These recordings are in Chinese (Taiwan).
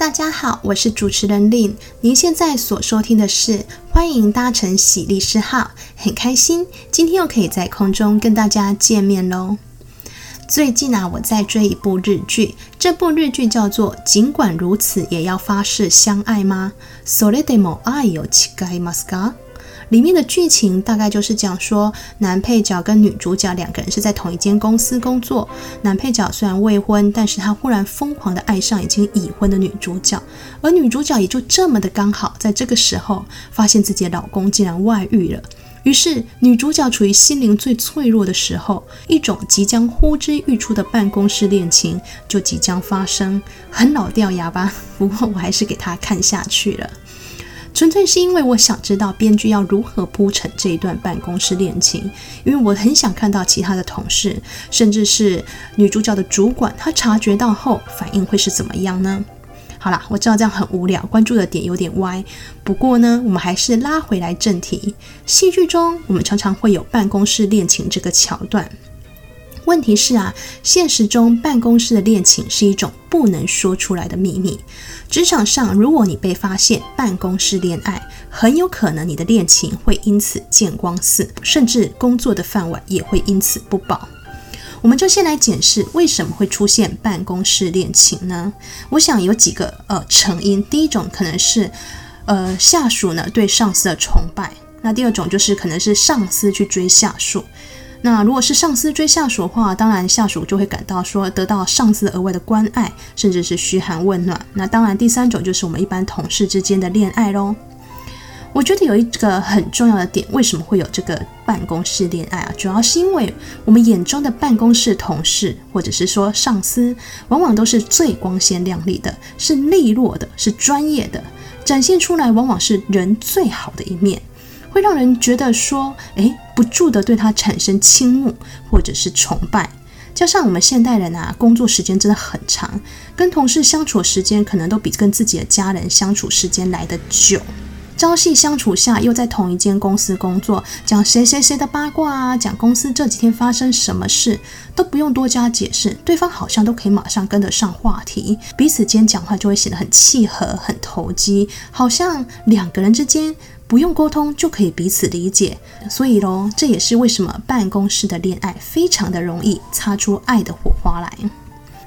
大家好，我是主持人 Lynne。您現在所收聽的是《歡迎搭乘喜麗詩號》，很開心，今天又可以在空中跟大家見面嘍。最近啊，我在追一部日劇，這部日劇叫做《儘管如此也要發誓相愛嗎》愛。裡面的劇情大概就是講說，男配角跟女主角兩個人是在同一間公司工作。男配角雖然未婚，但是他忽然瘋狂的愛上已經已婚的女主角，而女主角也就這麼的剛好在這個時候，發現自己的老公竟然外遇了。於是女主角處於心靈最脆弱的時候，一種即將呼之欲出的辦公室戀情就即將發生。很老掉牙吧？不過我還是給他看下去了。純粹是因為我想知道編劇要如何鋪陳這一段辦公室戀情，因為我很想看到其他的同事，甚至是女主角的主管，她察覺到後反應會是怎麼樣呢？好啦，我知道這樣很無聊，關注的點有點歪，不過呢，我們還是拉回來正題。戲劇中，我們常常會有辦公室戀情這個橋段。問題是啊，現實中辦公室的戀情是一種不能說出來的秘密。職場上，如果你被發現辦公室戀愛，很有可能你的戀情會因此見光死，甚至工作的飯碗也會因此不保。我們就先來解釋為什麼會出現辦公室戀情呢？我想有幾個呃成因，第一種可能是呃下屬呢對上司的崇拜，那第二種就是可能是上司去追下屬。那如果是上司追下屬的話，當然下屬就會感到說得到上司額外的關愛，甚至是噓寒問暖。那當然，第三種就是我們一般同事之間的戀愛嘍。我覺得有一個很重要的點，為什麼會有這個辦公室戀愛啊？主要是因為我們眼中的辦公室同事，或者是說上司，往往都是最光鮮亮麗的，是利落的，是專業的，展現出來往往是人最好的一面，會讓人覺得說，哎，不住的對他產生傾慕或者是崇拜，加上我們現代人啊，工作時間真的很長，跟同事相處時間可能都比跟自己的家人相處時間來得久。朝夕相處下，又在同一間公司工作，講誰誰誰的八卦啊，講公司這幾天發生什麼事，都不用多加解釋，對方好像都可以馬上跟得上話題，彼此間講話就會顯得很契合、很投機，好像兩個人之間不用溝通就可以彼此理解，所以嘍，這也是為什麼辦公室的戀愛非常的容易擦出愛的火花來。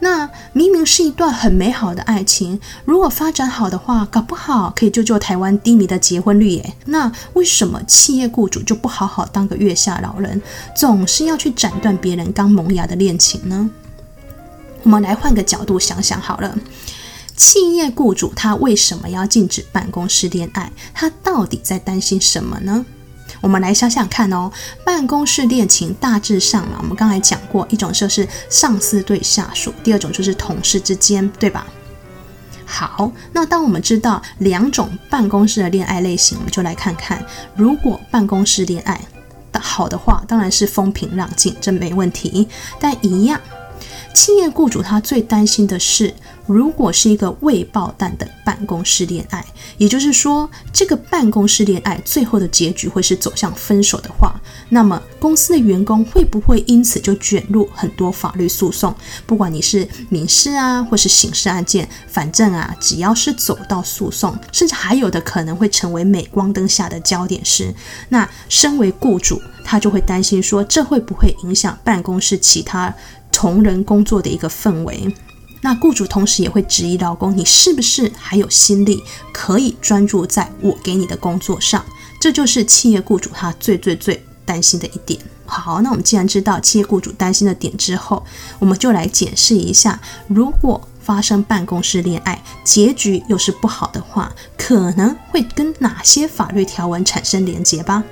那明明是一段很美好的愛情，如果發展好的話，搞不好可以救救台灣低迷的結婚率耶。那為什麼企業雇主就不好好當個月下老人，總是要去斬斷別人剛萌芽的戀情呢？我們來換個角度想想好了，企業雇主他為什麼要禁止辦公室戀愛？他到底在擔心什麼呢？我們來想想看哦，辦公室戀情大致上嘛，我們剛才講過，一種說是上司對下屬，第二種就是同事之間，對吧？好，那當我們知道兩種辦公室的戀愛類型，我們就來看看，如果辦公室戀愛好的話，當然是風平浪靜，這沒問題。但一樣，企業雇主他最擔心的是。如果是一個未爆彈的辦公室戀愛，也就是說，這個辦公室戀愛最後的結局會是走向分手的話，那麼公司的員工會不會因此就捲入很多法律訴訟？不管你是民事啊，或是刑事案件，反正啊，只要是走到訴訟，甚至還有的可能會成為鎂光燈下的焦點時，那身為雇主，他就會擔心說，這會不會影響辦公室其他同仁工作的一個氛圍？那雇主同時也會質疑勞工，你是不是還有心力可以專注在我給你的工作上？這就是企業雇主他最最最擔心的一點。好，那我們既然知道企業雇主擔心的點之後，我們就來解釋一下，如果發生辦公室戀愛，結局又是不好的話，可能會跟哪些法律條文產生連結吧？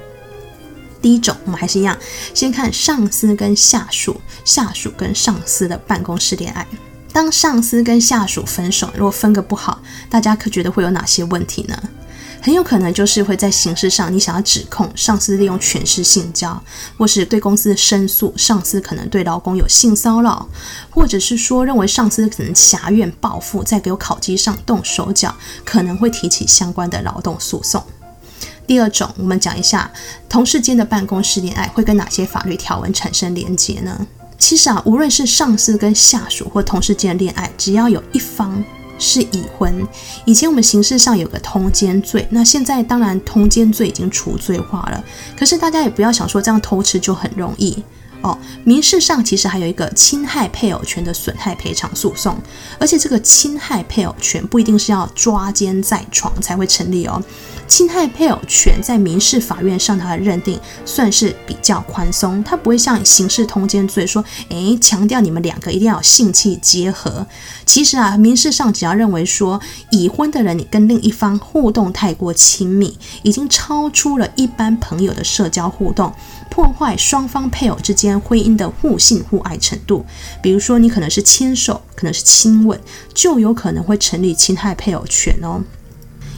第一種，我們還是一樣，先看上司跟下屬、下屬跟上司的辦公室戀愛。當上司跟下屬分手，如果分個不好，大家可覺得會有哪些問題呢？很有可能就是會在形式上，你想要指控上司利用權勢性交，或是對公司的申訴，上司可能對勞工有性騷擾，或者是說，認為上司可能挾怨報復，在給考績上動手腳，可能會提起相關的勞動訴訟。第二種，我們講一下同事間的辦公室戀愛會跟哪些法律條文產生連結呢？其實啊，無論是上司跟下屬或同事間戀愛，只要有一方是已婚，以前我們刑事上有個通姦罪，那現在當然通姦罪已經除罪化了。可是大家也不要想說這樣偷吃就很容易。哦，民事上其實還有一個侵害配偶權的損害賠償訴訟，而且這個侵害配偶權不一定是要抓姦在床才會成立哦。侵害配偶權在民事法院上它的認定算是比較寬鬆，它不會像刑事通姦罪說，誒，強調你們兩個一定要有性器結合。其實啊，民事上只要認為說已婚的人，你跟另一方互動太過親密，已經超出了一般朋友的社交互動。破壞雙方配偶之間婚姻的互信互愛程度，比如說你可能是牽手，可能是親吻，就有可能會成立侵害配偶權哦。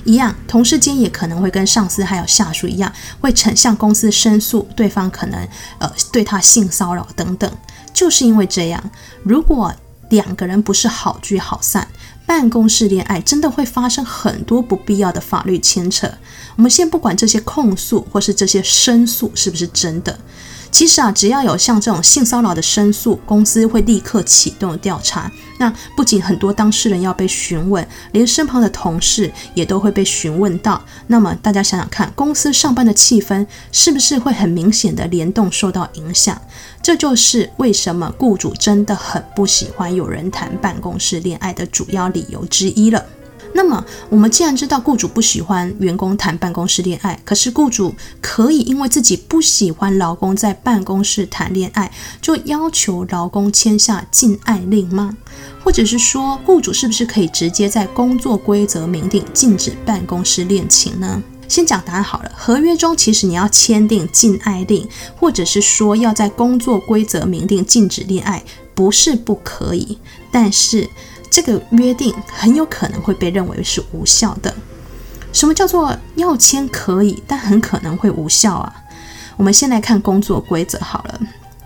一樣，同事間也可能會跟上司還有下屬一樣，會呈向公司申訴，對方可能，呃，對他性騷擾等等。就是因為這樣，如果兩個人不是好聚好散。辦公室戀愛真的會發生很多不必要的法律牽扯。我們先不管這些控訴或是這些申訴是不是真的，其實啊，只要有像這種性騷擾的申訴，公司會立刻啟動調查。那不僅很多當事人要被詢問，連身旁的同事也都會被詢問到。那麼大家想想看，公司上班的氣氛是不是會很明顯的聯動受到影響？這就是為什麼雇主真的很不喜歡有人談辦公室戀愛的主要理由之一了。那麼，我們既然知道雇主不喜歡員工談辦公室戀愛，可是雇主可以因為自己不喜歡勞工在辦公室談戀愛，就要求勞工簽下禁愛令嗎？或者是說，雇主是不是可以直接在工作規則明定禁止辦公室戀情呢？先講答案好了，合約中其實你要簽訂禁愛令，或者是說要在工作規則明定禁止戀愛，不是不可以，但是。這個約定很有可能會被認為是無效的。什麼叫做要簽可以，但很可能會無效啊？我們先來看工作規則好了。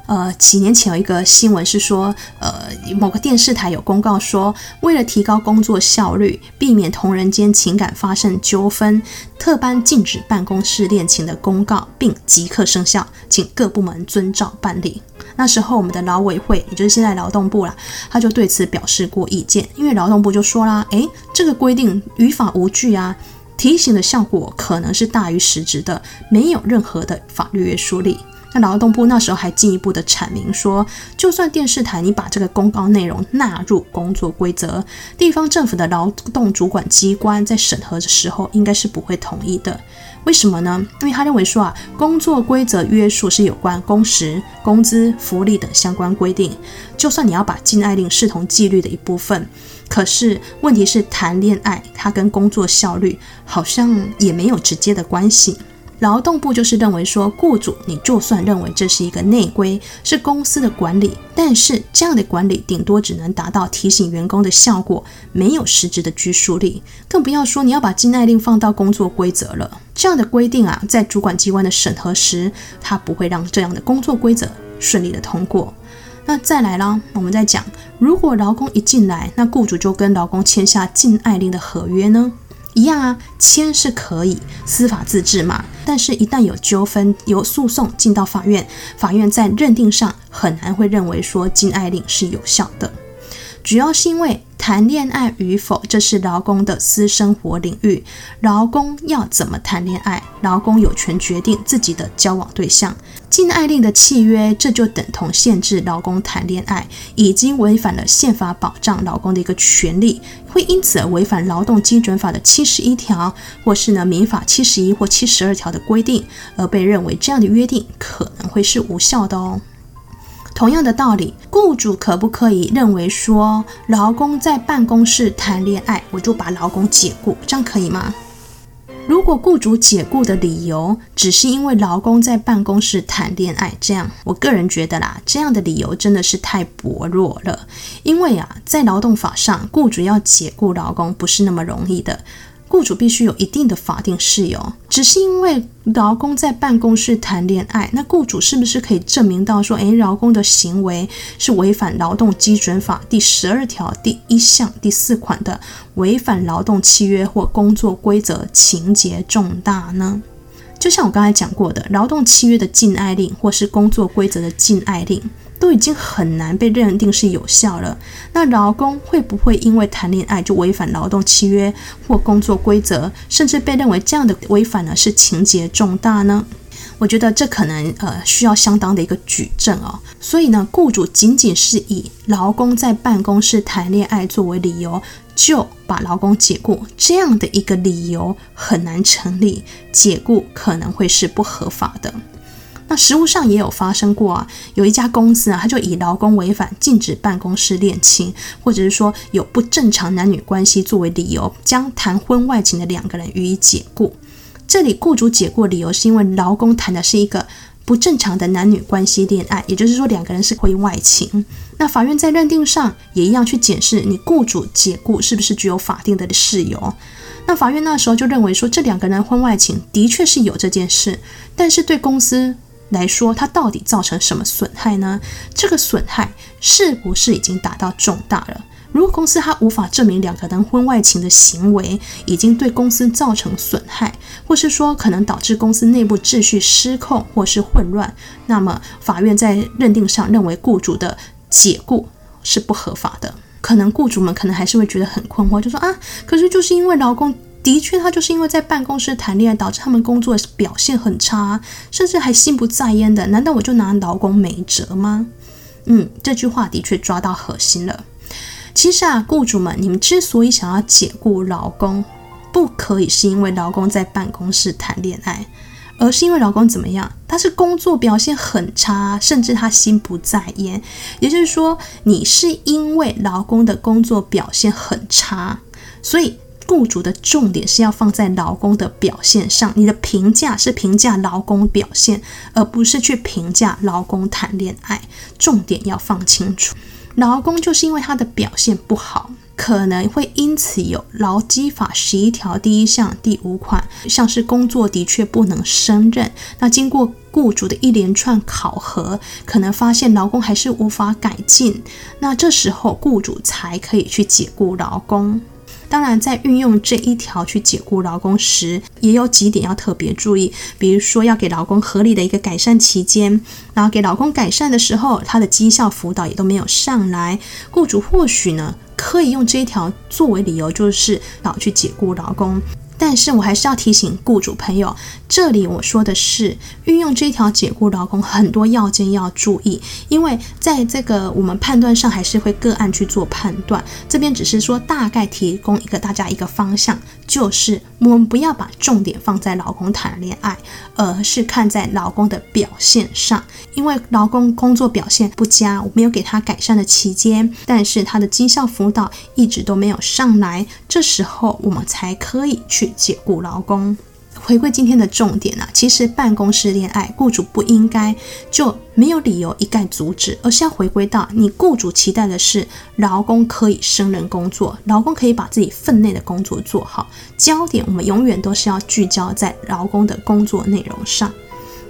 呃，幾年前有一個新聞是說，呃，某個電視台有公告說，為了提高工作效率，避免同仁間情感發生糾紛，特頒禁止辦公室戀情的公告，並即刻生效，請各部門遵照辦理。那時候，我們的勞委會，也就是現在勞動部啦，他就對此表示過意見，因為勞動部就說啦，誒，這個規定於法無據啊，提醒的效果可能是大於實質的，沒有任何的法律約束力。那勞動部那時候還進一步的闡明說，就算電視台你把這個公告內容納入工作規則，地方政府的勞動主管機關在審核的時候應該是不會同意的。為什麼呢？因為他認為說啊，工作規則約束是有關工時、工資、福利等相關規定，就算你要把禁愛令視同紀律的一部分，可是問題是談戀愛，它跟工作效率好像也沒有直接的關係。勞動部就是認為說，雇主你就算認為這是一個內規，是公司的管理，但是這樣的管理頂多只能達到提醒員工的效果，沒有實質的拘束力，更不要說你要把禁愛令放到工作規則了。這樣的規定啊，在主管機關的審核時，它不會讓這樣的工作規則順利的通過。那再來啦，我們再講，如果勞工一進來，那雇主就跟勞工簽下禁愛令的合約呢？一樣啊，簽是可以，私法自治嘛。但是，一旦有糾紛由訴訟進到法院，法院在認定上很難會認為說，禁愛令是有效的。主要是因為談戀愛與否，這是勞工的私生活領域。勞工要怎麼談戀愛，勞工有權決定自己的交往對象。禁愛令的契約，這就等同限制勞工談戀愛，已經違反了憲法保障勞工的一個權利，會因此而違反勞動基準法的七十一條，或是呢民法七十一或七十二條的規定，而被認為這樣的約定可能會是無效的哦。同樣的道理，雇主可不可以認為說，勞工在辦公室談戀愛，我就把勞工解僱，這樣可以嗎？如果雇主解僱的理由只是因為勞工在辦公室談戀愛，這樣，我個人覺得啦，這樣的理由真的是太薄弱了，因為啊，在勞動法上，雇主要解僱勞工不是那麼容易的。雇主必須有一定的法定事由，只是因為勞工在辦公室談戀愛，那雇主是不是可以證明到說，哎、欸，勞工的行為是違反勞動基準法第十二條第一項第四款的違反勞動契約或工作規則，情節重大呢？就像我剛才講過的，勞動契約的禁愛令，或是工作規則的禁愛令。都已經很難被認定是有效了。那勞工會不會因為談戀愛就違反勞動契約或工作規則，甚至被認為這樣的違反呢是情節重大呢？我覺得這可能呃需要相當的一個舉證哦。所以呢，雇主僅僅是以勞工在辦公室談戀愛作為理由就把勞工解雇，這樣的一個理由很難成立，解雇可能會是不合法的。那實務上也有發生過啊，有一家公司啊，他就以勞工違反禁止辦公室戀情，或者是說有不正常男女關係作為理由，將談婚外情的兩個人予以解僱。這裡雇主解僱理由是因為勞工談的是一個不正常的男女關係戀愛，也就是說兩個人是婚外情。那法院在認定上也一樣去檢視你雇主解僱是不是具有法定的事由。那法院那時候就認為說，這兩個人婚外情的確是有這件事，但是對公司。來說，它到底造成什麼損害呢？這個損害是不是已經達到重大了？如果公司他無法證明兩個人婚外情的行為已經對公司造成損害，或是說可能導致公司內部秩序失控或是混亂，那麼法院在認定上認為雇主的解雇是不合法的。可能雇主們可能還是會覺得很困惑，就說啊，可是就是因為勞工。的確，他就是因為在辦公室談戀愛，導致他們工作表現很差，甚至還心不在焉的。難道我就拿勞工沒轍嗎？嗯，這句話的確抓到核心了。其實啊，雇主們，你們之所以想要解雇勞工，不可以是因為勞工在辦公室談戀愛，而是因為勞工怎麼樣？他是工作表現很差，甚至他心不在焉。也就是說，你是因為勞工的工作表現很差，所以。雇主的重點是要放在勞工的表現上，你的評價是評價勞工表現，而不是去評價勞工談戀愛。重點要放清楚，勞工就是因為他的表現不好，可能會因此有勞基法十一條第一項第五款，像是工作的確不能勝任。那經過雇主的一連串考核，可能發現勞工還是無法改進，那這時候雇主才可以去解雇勞工。當然，在運用這一條去解雇勞工時，也有幾點要特別注意，比如說要給勞工合理的一個改善期間，然後給勞工改善的時候，他的績效輔導也都沒有上來，雇主或許呢可以用這一條作為理由，就是去解雇勞工。但是我還是要提醒雇主朋友，這裡我說的是運用這條解雇勞工，很多要件要注意，因為在這個我們判斷上還是會個案去做判斷。這邊只是說大概提供一個大家一個方向，就是我們不要把重點放在勞工談戀愛，而是看在勞工的表現上。因為勞工工作表現不佳，我沒有給他改善的期間，但是他的績效輔導一直都沒有上來，這時候我們才可以去。去解僱勞工，回歸今天的重點啊！其實辦公室戀愛，雇主不應該就沒有理由一概阻止，而是要回歸到你雇主期待的是勞工可以勝任工作，勞工可以把自己份內的工作做好。焦點我們永遠都是要聚焦在勞工的工作內容上，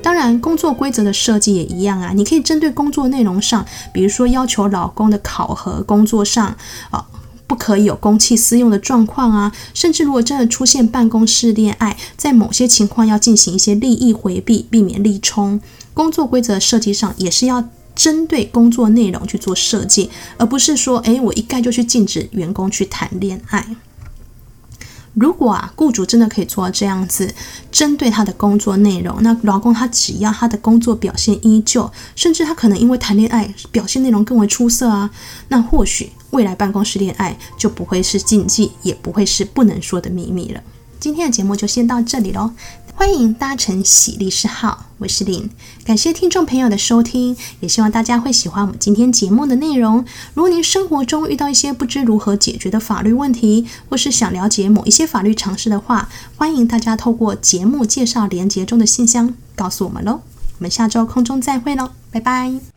當然工作規則的設計也一樣啊！你可以針對工作內容上，比如說要求勞工的考核工作上啊。哦不可以有公器私用的狀況啊，甚至如果真的出現辦公室戀愛，在某些情況要進行一些利益回避，避免利衝。工作規則設計上也是要針對工作內容去做設計，而不是說，誒我一概就去禁止員工去談戀愛。如果啊，僱主真的可以做到這樣子，針對他的工作內容，那勞工他只要他的工作表現依舊，甚至他可能因為談戀愛表現內容更為出色啊，那或許。未來辦公室戀愛就不會是禁忌，也不會是不能說的秘密了。今天的節目就先到這裡嘍，歡迎搭乘喜麗詩號，我是 Lynne，感謝聽眾朋友的收聽，也希望大家會喜歡我們今天節目的內容。如果您生活中遇到一些不知如何解決的法律問題，或是想了解某一些法律常識的話，歡迎大家透過節目介紹連結中的信箱告訴我們嘍。我們下周空中再會嘍，拜拜。